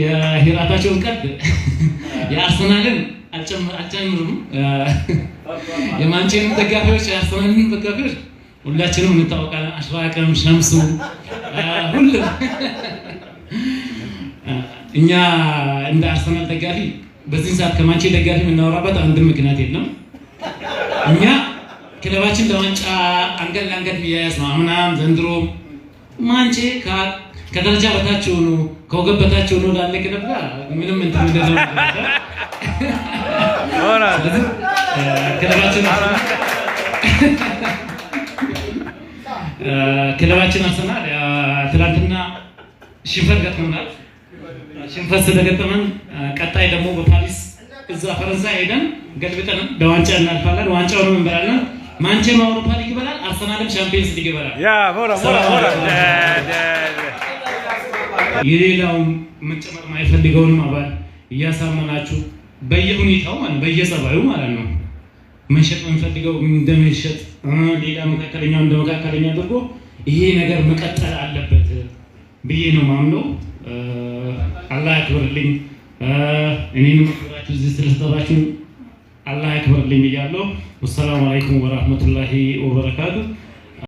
የሂራታቸውን ቀድ የአርሰናልን አልጨምርም። የማንቼንም ደጋፊዎች የአርሰናልን ደጋፊዎች ሁላችንም እንታወቃለን። አሽራቅም ሸምሱ ሁሉም እኛ እንደ አርሰናል ደጋፊ በዚህ ሰዓት ከማንቼ ደጋፊ የምናወራበት አንድም ምክንያት የለም። እኛ ክለባችን ለዋንጫ አንገድ ለአንገድ ሚያያዝ ነው። አምናም ዘንድሮም ማንቼ ከደረጃ በታች ሆኖ ከወገብ በታች ሆኖ ላለቅ ነበር። ምንም እንትን ክለባችን አርሰናል ትናንትና ሽንፈት ገጥመናል። ሽንፈት ስለገጠመን ቀጣይ ደግሞ በፓሪስ እዛ ፈረንሳይ ሄደን ገልብጠን በዋንጫ እናልፋለን። ዋንጫውንም እንበላለን። ማንቸም አውሮፓ ሊግ ይበላል፣ አርሰናልም ቻምፒየንስ ሊግ ይበላል። ያ ሞራ ሞራ ሞራ የሌላውን መጨመር የማይፈልገውንም አባል እያሳመናችሁ በየሁኔታው ማለት በየጸባዩ ማለት ነው መሸጥ የምንፈልገው እንደመሸጥ ሌላ መካከለኛ እንደመካከለኛ አድርጎ ይሄ ነገር መቀጠል አለበት ብዬ ነው ማምነው። አላህ ያክብርልኝ። እኔንም ክብራችሁ እዚህ ስለሰጠታችሁ አላህ ያክብርልኝ እያለሁ። ወሰላሙ አለይኩም ወራህመቱላሂ ወበረካቱ